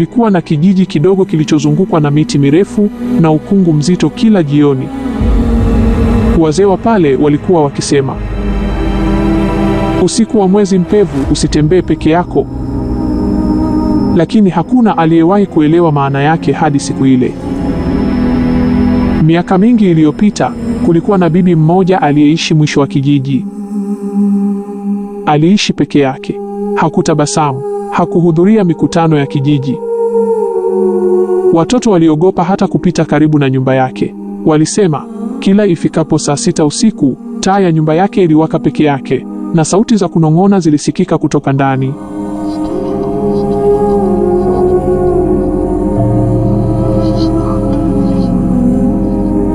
Kulikuwa na kijiji kidogo kilichozungukwa na miti mirefu na ukungu mzito kila jioni. Wazee wa pale walikuwa wakisema, usiku wa mwezi mpevu usitembee peke yako. Lakini hakuna aliyewahi kuelewa maana yake hadi siku ile. Miaka mingi iliyopita, kulikuwa na bibi mmoja aliyeishi mwisho wa kijiji. Aliishi peke yake, hakutabasamu, hakuhudhuria mikutano ya kijiji, Watoto waliogopa hata kupita karibu na nyumba yake. Walisema kila ifikapo saa sita usiku taa ya nyumba yake iliwaka peke yake, na sauti za kunong'ona zilisikika kutoka ndani.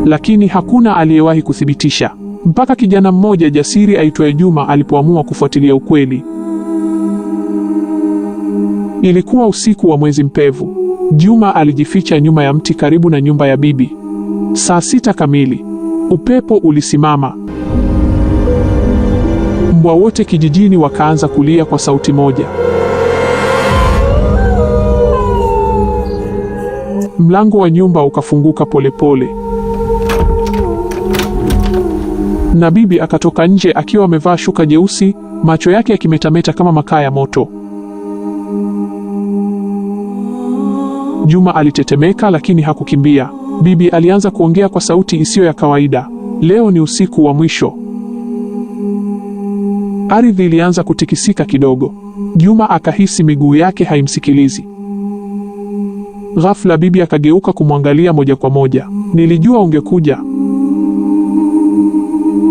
Lakini hakuna aliyewahi kuthibitisha mpaka kijana mmoja jasiri aitwaye Juma alipoamua kufuatilia ukweli. Ilikuwa usiku wa mwezi mpevu. Juma alijificha nyuma ya mti karibu na nyumba ya bibi. Saa sita kamili, upepo ulisimama. Mbwa wote kijijini wakaanza kulia kwa sauti moja. Mlango wa nyumba ukafunguka polepole pole, na bibi akatoka nje akiwa amevaa shuka jeusi, macho yake yakimetameta kama makaa ya moto. Juma alitetemeka lakini hakukimbia. Bibi alianza kuongea kwa sauti isiyo ya kawaida. Leo ni usiku wa mwisho. Ardhi ilianza kutikisika kidogo. Juma akahisi miguu yake haimsikilizi. Ghafla bibi akageuka kumwangalia moja kwa moja. Nilijua ungekuja.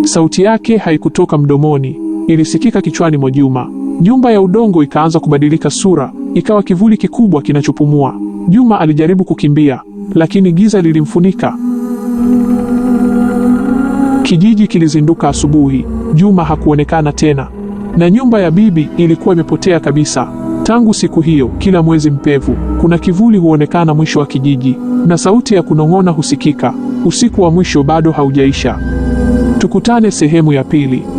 Sauti yake haikutoka mdomoni, ilisikika kichwani mwa Juma. Nyumba ya udongo ikaanza kubadilika sura, ikawa kivuli kikubwa kinachopumua. Juma alijaribu kukimbia, lakini giza lilimfunika. Kijiji kilizinduka asubuhi. Juma hakuonekana tena, na nyumba ya bibi ilikuwa imepotea kabisa. Tangu siku hiyo, kila mwezi mpevu, kuna kivuli huonekana mwisho wa kijiji, na sauti ya kunong'ona husikika. Usiku wa mwisho bado haujaisha. Tukutane sehemu ya pili.